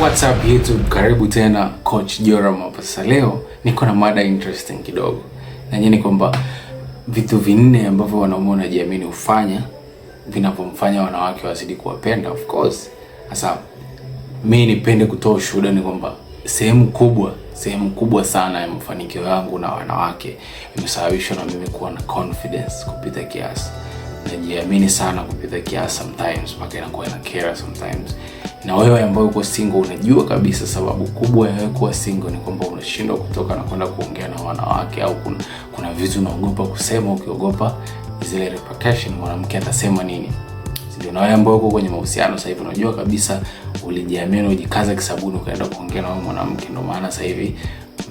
What's up YouTube, karibu tena Coach Joram hapa. Sasa leo niko na mada interesting kidogo, na nyinyi kwamba vitu vinne ambavyo wanaume wanajiamini hufanya vinavyomfanya wanawake wazidi kuwapenda. Of course, sasa mimi nipende kutoa ushuhuda ni kwamba sehemu kubwa sehemu kubwa sana ya mafanikio yangu na wanawake imesababishwa na mimi kuwa na confidence kupita kiasi najiamini sana kupita kiasi sometimes mpaka inakuwa ina kera sometimes. Na wewe ambaye uko single, unajua kabisa sababu kubwa ya wewe kuwa single ni kwamba unashindwa kutoka na kwenda kuongea na wanawake, au kuna, kuna vitu unaogopa kusema, ukiogopa zile repercussion, mwanamke atasema nini. Ndio, na wewe ambaye uko kwenye mahusiano sasa hivi, unajua kabisa ulijiamini, ujikaza kisabuni, ukaenda kuongea na mwanamke, ndio maana sasa hivi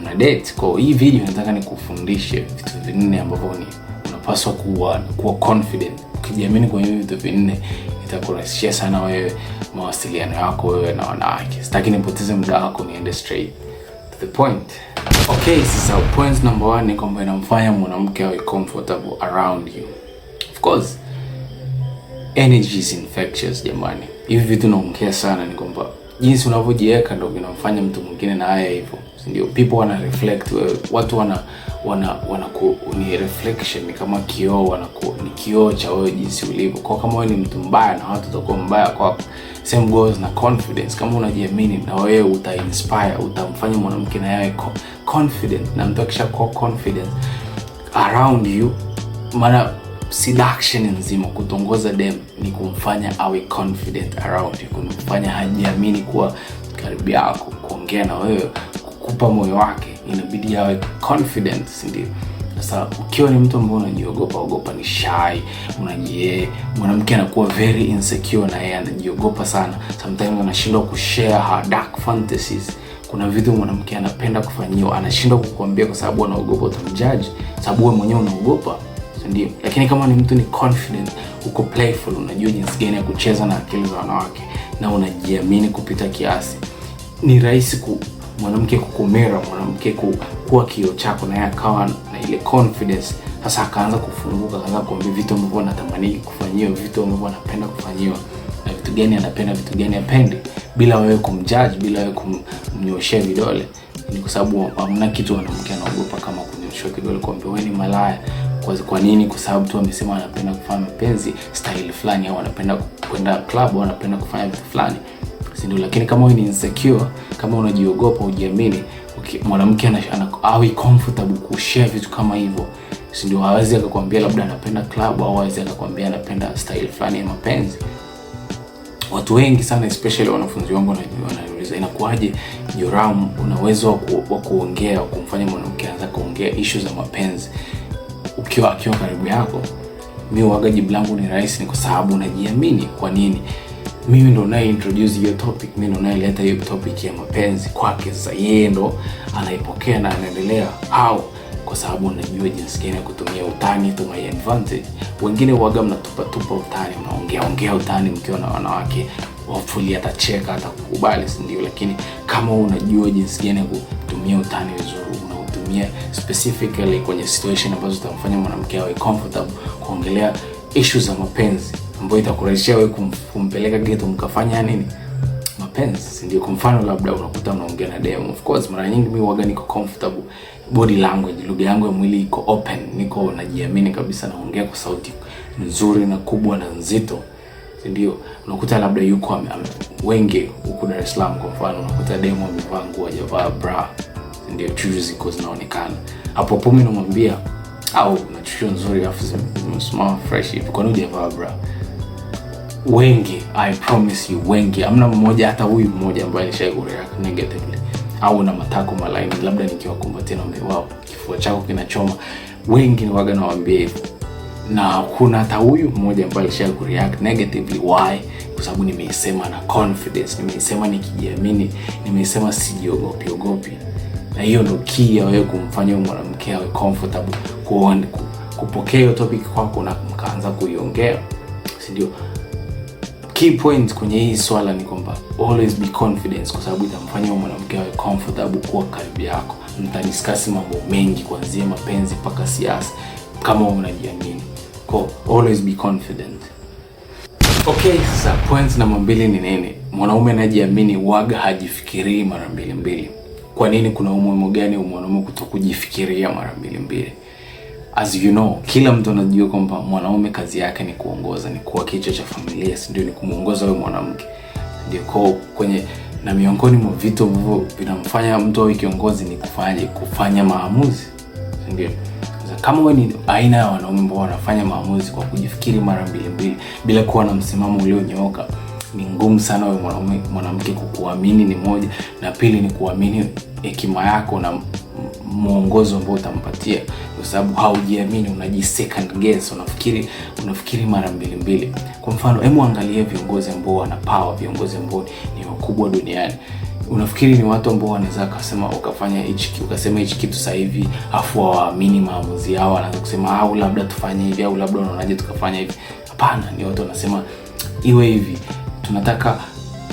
mna date. Kwa hii video nataka nikufundishe vitu vinne ambavyo ni unapaswa kuwa, kuwa confident. Ukijiamini kwenye vitu vinne itakurahisishia sana wewe mawasiliano yako wewe na wanawake. Sitaki nipoteze muda wako, niende straight to the point. Okay, sasa point number one ni kwamba inamfanya mwanamke awe comfortable around you. Of course energy is infectious jamani, hivi vitu naongea sana ni kwamba jinsi unavyojiweka ndio vinamfanya mtu mwingine na haya hivyo, ndio? People wana reflect wewe, watu wana wana, wanaku, ni reflection ni kama kioo wanaku, ni kioo cha wewe jinsi ulivyo. Kwa kama wewe ni mtu mbaya na watu watakuwa mbaya kwako. Same goes na confidence. Kama unajiamini na wewe uta inspire, utamfanya mwanamke na yeye confident, na mtu akisha kwa confident around you, maana seduction nzima kutongoza dem ni kumfanya awe confident around you, kumfanya hajiamini kuwa karibu yako, kuongea na wewe, kukupa moyo wake inabidi awe confident, sindio Sasa ukiwa ni mtu ambaye unajiogopa ogopa, ni shy, unajie, mwanamke anakuwa very insecure na yeye anajiogopa sana, sometimes anashindwa kushare her dark fantasies. Kuna vitu mwanamke anapenda kufanyiwa, anashindwa kukuambia kwa sababu anaogopa utamjaji sababu wewe mwenyewe unaogopa, ndio? Lakini kama ni mtu ni confident, uko playful, unajua jinsi gani ya kucheza na akili za wanawake na unajiamini kupita kiasi, ni rahisi ku mwanamke kukumera, mwanamke kuwa kio chako, naye akawa na ile confidence sasa, akaanza kufunguka, akaanza kuambia vitu ambavyo anatamani kufanyiwa, vitu ambavyo anapenda kufanyiwa na vitu gani anapenda, vitu gani apende, bila wewe kumjudge, bila wewe kumnyoshea vidole, ni kwa sababu hamna kitu mwanamke anaogopa kama kunyoshwa kidole, kuambia wewe ni malaya. Kwa nini? Kwa sababu tu amesema anapenda kufanya mapenzi style fulani, au anapenda kwenda club, au anapenda kufanya vitu fulani si ndio? Lakini kama wewe ni insecure, kama unajiogopa, ujiamini, okay, mwanamke awe comfortable kushare vitu kama hivyo, si ndio? Hawezi akakwambia labda anapenda club au hawezi akakwambia anapenda style fulani ya mapenzi. Watu wengi sana especially wanafunzi wangu wananiuliza, inakuwaje Joram, una uwezo wa kuongea kumfanya mwanamke anza kuongea issue za mapenzi ukiwa akiwa karibu yako? Mi uwaga jibu langu ni rahisi, ni kwa sababu unajiamini. Kwa nini? mimi ndo naye introduce hiyo topic, mimi ndo naye leta hiyo topic ya mapenzi kwake. Sasa yeye ndo anaipokea na anaendelea au kwa sababu najua jinsi gani ya kutumia utani to my advantage. Wengine waga mnatupa tupa utani, mnaongea ongea utani mkiwa na wanawake, hopefully atacheka atakubali, si ndio? Lakini kama unajua jinsi gani ya kutumia utani vizuri, unautumia specifically kwenye situation ambazo zitamfanya mwanamke awe comfortable kuongelea issues za mapenzi ambayo itakurahisishia wewe kum, kumpeleka ghetto mkafanya nini mapenzi, si ndio? Kwa mfano labda unakuta unaongea na demo. Of course mara nyingi mimi huaga niko comfortable, body language, lugha yangu ya mwili iko open, niko najiamini kabisa, naongea kwa sauti nzuri na kubwa na nzito, si ndio? Unakuta labda yuko wengi huko Dar es Salaam, kwa mfano unakuta demo amevaa nguo hajavaa bra, si ndio? Chuchu ziko zinaonekana hapo pumi, namwambia au na chuchu nzuri, afu zimesimama fresh hivi, kwa nini hujavaa bra? wengi, I promise you, wengi amna mmoja hata huyu mmoja ambaye kureact negatively au na matako malaini, labda nikiwakumbatia na wao, kifua chako kinachoma. Wengi ni waga nawaambia hivyo, na kuna hata huyu mmoja ambaye alishai kureact negatively. Why? Kwa sababu nimeisema na confidence, nimeisema nikijiamini, nimeisema sijiogopi ogopi, na hiyo ndio key ya wewe kumfanya mwanamke awe comfortable kuone kupokea hiyo topic kwako na mkaanza kuiongea, si ndio? key point kwenye hii swala ni kwamba always be confident, kwa sababu itamfanya mwanamke awe comfortable kuwa karibu yako. Mtadiskasi mambo mengi kuanzia mapenzi mpaka siasa, kama unajiamini. Kwa always be confident. Okay, sasa point namba mbili ni nini? Mwanaume anayejiamini waga hajifikirii mara mbili mbili. Kwa nini? Kuna umuhimu gani mwanaume kutokujifikiria mara mbili mbili? as you know, kila mtu anajua kwamba mwanaume kazi yake ni kuongoza, ni kuwa kichwa cha familia, si ndio? Ni kumuongoza huyo mwanamke, ndio kwa kwenye na miongoni mwa vitu ambavyo vinamfanya mtu awe kiongozi ni kufanya kufanya maamuzi, ndio? Kama wewe ni aina ya wanaume ambao wanafanya maamuzi kwa kujifikiri mara mbili mbili bila kuwa na msimamo ulionyooka, ni ngumu sana wewe mwanamke kukuamini, ni moja, na pili ni kuamini hekima yako na mwongozo ambao utampatia, kwa sababu haujiamini, unaji second guess, unafikiri unafikiri mara mbili mbili. Kwa mfano, hebu angalia viongozi ambao wana power, viongozi ambao ni wakubwa duniani unafikiri ni watu ambao wanaweza kusema ukafanya hichi ukasema hichi kitu sasa hivi afu waamini maamuzi yao, wanaanza kusema ah, au labda tufanye hivi au labda unaonaje tukafanya hivi? Hapana, ni watu wanasema iwe hivi, tunataka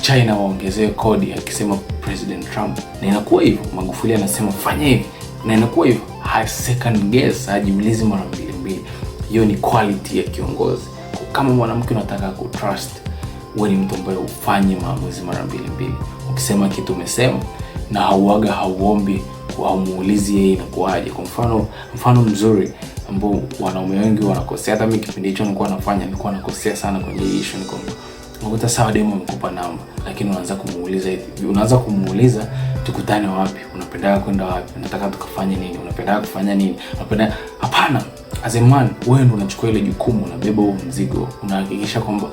China waongezee kodi, akisema President Trump na inakuwa hivyo. Magufuli anasema fanya hivi, na inakuwa hivyo, ha second guess, hajiulizi mara mbili mbili. Hiyo ni quality ya kiongozi. Kama mwanamke unataka ku trust, wewe ni mtu ambaye ufanye maamuzi mara mbili mbili. Ukisema kitu umesema, na hauaga hauombi, haumuulizi yeye inakuaje. Kwa mfano, mfano mzuri ambao wanaume wengi wanakosea, hata mimi kipindi hicho nilikuwa nafanya, nilikuwa nakosea sana kwenye issue, kwamba unakuta sawa demu amekupa namba, lakini unaanza kumuuliza hivi, unaanza kumuuliza tukutane wapi, unapendaga kwenda wapi, nataka tukafanye nini, unapendaga kufanya nini, unapenda hapana. As a man, wewe ndio unachukua ile jukumu, unabeba huo mzigo, unahakikisha kwamba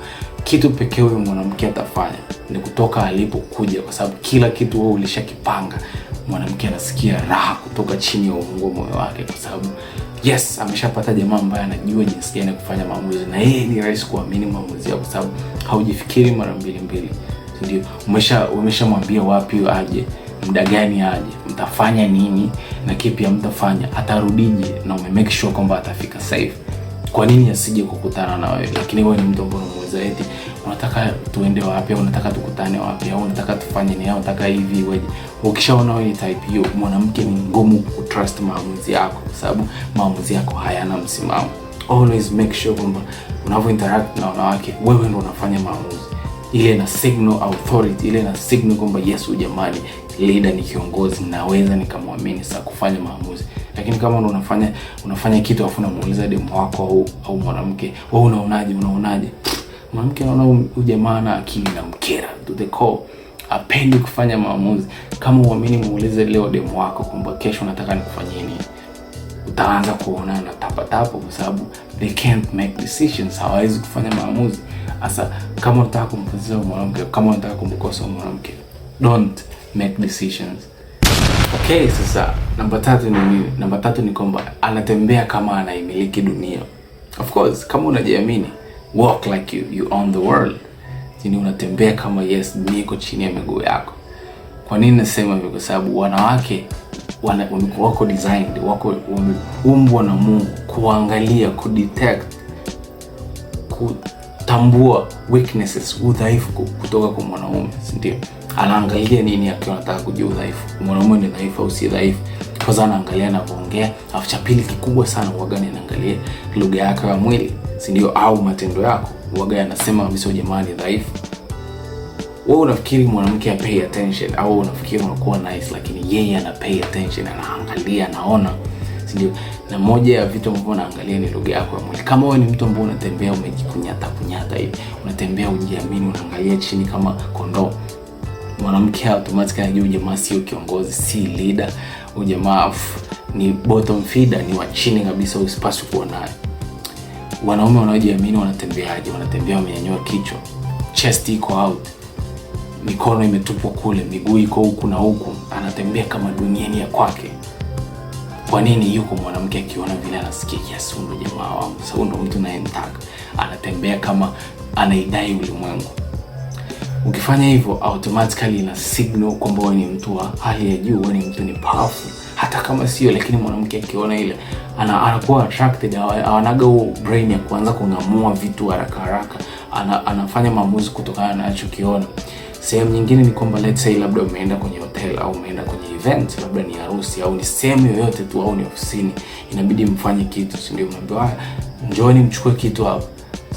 kitu pekee huyo mwanamke atafanya ni kutoka kuja kwa sababu kila kitu wewe ulishakipanga. Mwanamke anasikia raha kutoka chini ya uungo moyo wake, kwa sababu yes, ameshapata jamaa ambaye anajua jinsi gani ya kufanya maamuzi, na yeye ni rahisi kuamini maamuzi yao, kwa sababu haujifikiri mara mbili mbili, ndio umesha umeshamwambia wapi aje, muda gani aje, mtafanya nini na kipi mtafanya atarudije, na ume make sure kwamba atafika safe. Kwa nini asije kukutana na wewe, lakini wewe ni mtu ambaye unamweza eti unataka tuende wapi, unataka tukutane wapi, au unataka tufanye nini, au unataka hivi iweje. Ukishaona wewe type hiyo, mwanamke ni ngumu kutrust maamuzi yako, kwa sababu maamuzi yako hayana msimamo. Always make sure kwamba unavyo interact na wanawake, wewe ndio unafanya maamuzi ile na signal authority, ile na signal kwamba yes ujamani leader ni kiongozi, naweza nikamwamini sasa kufanya maamuzi. Lakini kama unafanya unafanya kitu afu unamuuliza demo wako au, au mwanamke wewe, unaonaje unaonaje mwanamke anaona huyu jamaa na akili na mkera to the core, apendi kufanya maamuzi. Kama uamini, muulize leo demu wako kwamba kesho nataka nikufanyie nini. Utaanza kuona na tapa tapa, kwa sababu they can't make decisions, hawawezi kufanya maamuzi. Asa kama unataka kumkosea mwanamke, kama unataka kumkosoa mwanamke, don't make decisions. Okay, sasa namba tatu ni nini? Namba tatu ni kwamba anatembea kama anaimiliki dunia. Of course, kama unajiamini walk like you, you own the world, yani unatembea kama yes, niko chini ya miguu yako. Kwa nini nasema hivyo? Kwa sababu wanawake wana, wako designed, wako wameumbwa na Mungu kuangalia, detect, kutambua weaknesses, udhaifu kutoka kwa mwanaume, si ndio? Anaangalia nini akiwa anataka kujua udhaifu mwanaume ni dhaifu au si dhaifu kwanza naangalia anavyoongea, alafu cha pili kikubwa sana uwaga anaangalia lugha yako ya mwili, si ndio? Au matendo yako uwaga anasema mimi sio jamani dhaifu. Wewe unafikiri mwanamke ya pay attention au unafikiri unakuwa nice, lakini yeye ana pay attention, anaangalia, anaona, si ndio? Na moja ya vitu ambavyo naangalia ni lugha yako ya mwili. Kama wewe ni mtu ambaye unatembea umejikunyata kunyata hivi, unatembea ujiamini, unaangalia chini kama kondoo, mwanamke automatically anajua jamaa sio kiongozi, si leader ujamaa ni bottom feeder, ni wa chini kabisa, usipaswi kuwa naye. Wanaume wanaojiamini wanatembeaje? Wanatembea wamenyanyua kichwa, chest iko out, mikono imetupwa kule, miguu iko huku na huku, anatembea kama duniani ya kwake. Kwa nini? Yuko mwanamke akiona vile anasikia yes, ndo jamaa wangu, sabu ndo mtu nayemtaka, anatembea kama anaidai ulimwengu. Ukifanya hivyo automatically ina signal kwamba wewe ni mtu wa hali ya juu, wewe ni mtu ni powerful, hata kama sio. Lakini mwanamke akiona ile ana, anakuwa attracted, awanaga huo brain ya kuanza kung'amua vitu haraka haraka, ana, anafanya maamuzi kutokana na anachokiona. Sehemu nyingine ni kwamba let's say labda umeenda kwenye hotel au umeenda kwenye event, labda ni harusi au ni sehemu yoyote tu au ni ofisini, inabidi mfanye kitu, si ndio? Mnaambiwa njooni mchukue kitu hapo,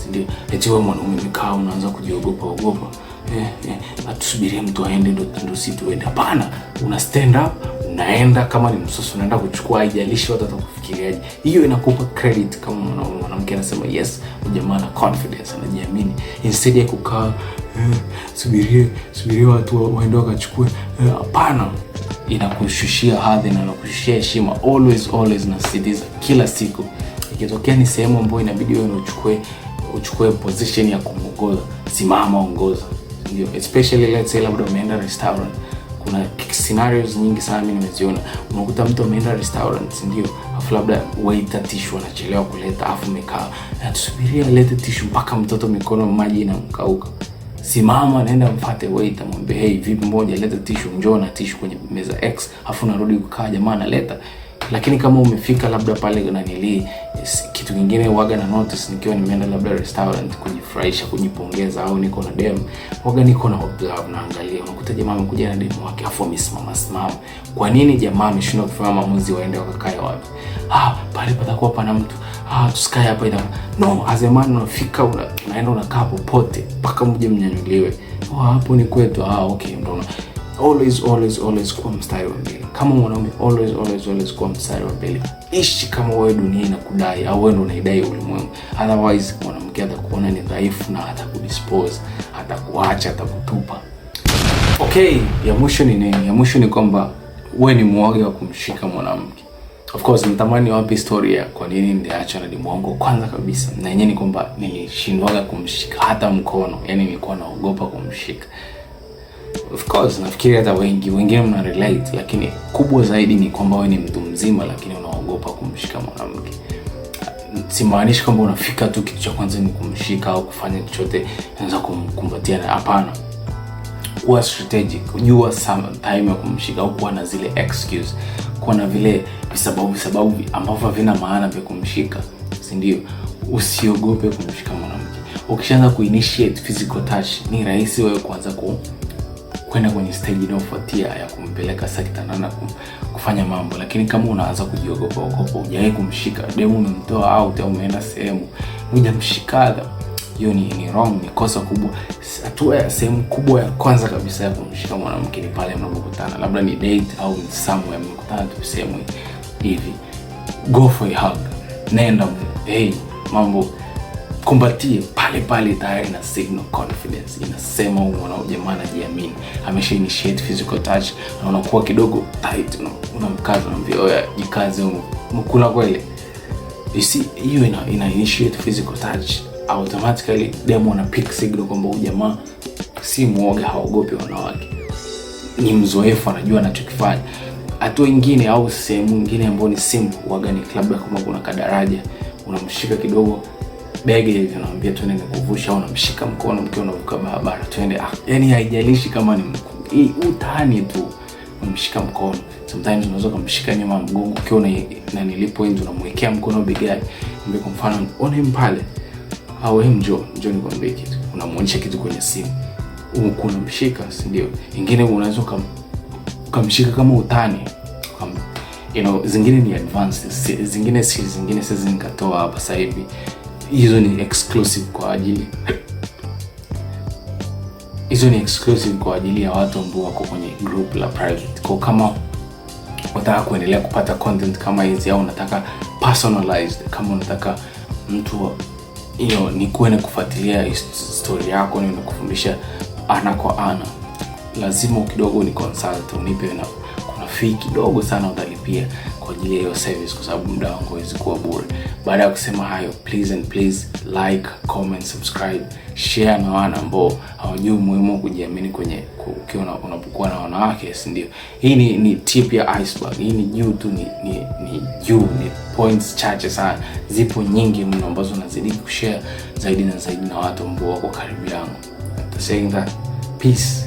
si ndio? Eti wewe mwanaume umekaa unaanza kujiogopa ogopa eh, eh atusubirie mtu aende ndo si tuende. Hapana, una stand up, unaenda kama ni msosi unaenda kuchukua, haijalishi watu watakufikiriaje. Hiyo inakupa credit kama mwanamke anasema yes, jamaa ana confidence, anajiamini instead ya kukaa eh, subirie subirie watu waende wakachukue. Eh, hapana eh, inakushushia hadhi na inakushushia heshima. Always always nasisitiza kila siku, ikitokea ni sehemu ambayo inabidi wewe uchukue uchukue position ya kuongoza, simama ongoza ndio, especially let's say labda umeenda restaurant, kuna scenarios nyingi sana mimi nimeziona. Unakuta mtu ameenda restaurant, ndio, afu labda waita tissue anachelewa kuleta, afu mekaa na tusubiria alete tissue mpaka mtoto mikono maji inamkauka. Simama, naenda mfate waiter, mwambie hey, vipi, moja leta tissue, njoo na tissue kwenye meza X, afu narudi kukaa, jamaa analeta lakini kama umefika labda pale nanili, kitu kingine waga na notice, nikiwa nimeenda labda restaurant kujifurahisha, kujipongeza au niko na dem waga, niko na observe na angalia, unakuta jamaa amekuja na demu wake afu amesimama simama. Kwa nini jamaa ameshindwa kufanya maamuzi, waende wakakae wapi? Ah, pale patakuwa pana mtu ah, tusikae hapa ina no azemani. Unafika una, unaenda unakaa popote mpaka mje mnyanyuliwe, oh hapo ni kwetu. Ah, okay, ndio always always always kuwa mstari wa mbele kama mwanaume, always always always kuwa mstari wa mbele. Ishi kama wewe dunia inakudai au wewe ndio unaidai ulimwengu, otherwise mwanamke atakuona ni dhaifu na atakudispose, atakuacha, atakutupa. Okay, ya mwisho ni nini? Ya mwisho ni kwamba wewe ni mwoga wa kumshika mwanamke. Of course nitamani wapi story ya kwa nini niliachwa na Dimwongo. Kwanza kabisa na yenyewe ni kwamba nilishindwaga kumshika hata mkono, yani nilikuwa naogopa kumshika Of course nafikiri hata wengi wengine mna relate, lakini kubwa zaidi ni kwamba wewe ni mtu mzima, lakini unaogopa kumshika mwanamke. Simaanishi kwamba unafika tu kitu cha kwanza ni kumshika au kufanya chochote, unaweza kumkumbatia. na Hapana, kuwa strategic, jua some time ya kumshika au kuwa na zile excuse, kuwa na vile visababu sababu ambavyo havina maana vya kumshika, si ndio? Usiogope kumshika mwanamke. Ukishaanza kuinitiate physical touch, ni rahisi wewe kuanza ku kwenda kwenye stage inayofuatia ya kumpeleka sekta kufanya mambo. Lakini kama unaanza kujiogopa ukopo hujawahi kumshika demu, umemtoa out au umeenda sehemu hujamshika, hiyo ni, ni wrong, ni kosa kubwa. Hatua ya sehemu kubwa ya kwanza kabisa ya kumshika mwanamke ni pale mnapokutana, labda ni date au somewhere mnakutana tu sehemu hivi, go for a hug, nenda hey, mambo Kumbatie pale pale tayari na signal confidence, inasema huyu jamaa anajiamini, amesha initiate physical touch na unakuwa kidogo tight, no. unamkaza unamwambia oya, jikaze, mkula kweli. You see, hiyo ina, ina initiate physical touch automatically, demo ana pick signal kwamba huyu jamaa si muoga, haogopi wanawake, ni mzoefu, anajua anachokifanya. Hatua ingine au sehemu nyingine ambayo ni simu wagani, club kama kuna kadaraja unamshika kidogo bega hivi anamwambia tuende nikuvusha, au namshika mkono mkiwa unavuka barabara tuende. Ah, yani haijalishi kama ni mkuu utani tu unamshika mkono. Sometimes unaweza kumshika nyuma mgongo ukiwa na na nilipo hivi unamwekea mkono begani, ndio kwa mfano one him pale au ah, him jo jo, ni kwambie kitu, unamwonyesha kitu kwenye simu huko unamshika, si ndio? Ingine unaweza kam kamshika kama utani kam, you know, zingine ni advanced, zingine si zingine si zingine sisi hapa sasa hivi hizo ni exclusive kwa ajili hizo ni exclusive kwa ajili ya watu ambao wako kwenye group la private. Kwa kama unataka kuendelea kupata content kama hizi au unataka personalized, kama unataka mtu you know, ni kuwe na kufuatilia story yako ni kufundisha ana kwa ana, lazima kidogo ni consult unipe na kuna fee kidogo sana utalipia kwa ajili ya hiyo service, kwa sababu muda wangu hawezi kuwa bure. Baada ya kusema hayo, please and please like, comment, subscribe, share na wana ambao hawajui umuhimu wa kujiamini kwenye ukiwa unapokuwa na wanawake, si ndio? Hii ni, ni tip ya iceberg. Hii ni juu tu, ni ni, ni juu, ni points chache sana, zipo nyingi mno ambazo nazidi kushare zaidi na zaidi na watu ambao wako karibu yangu. Saying that peace.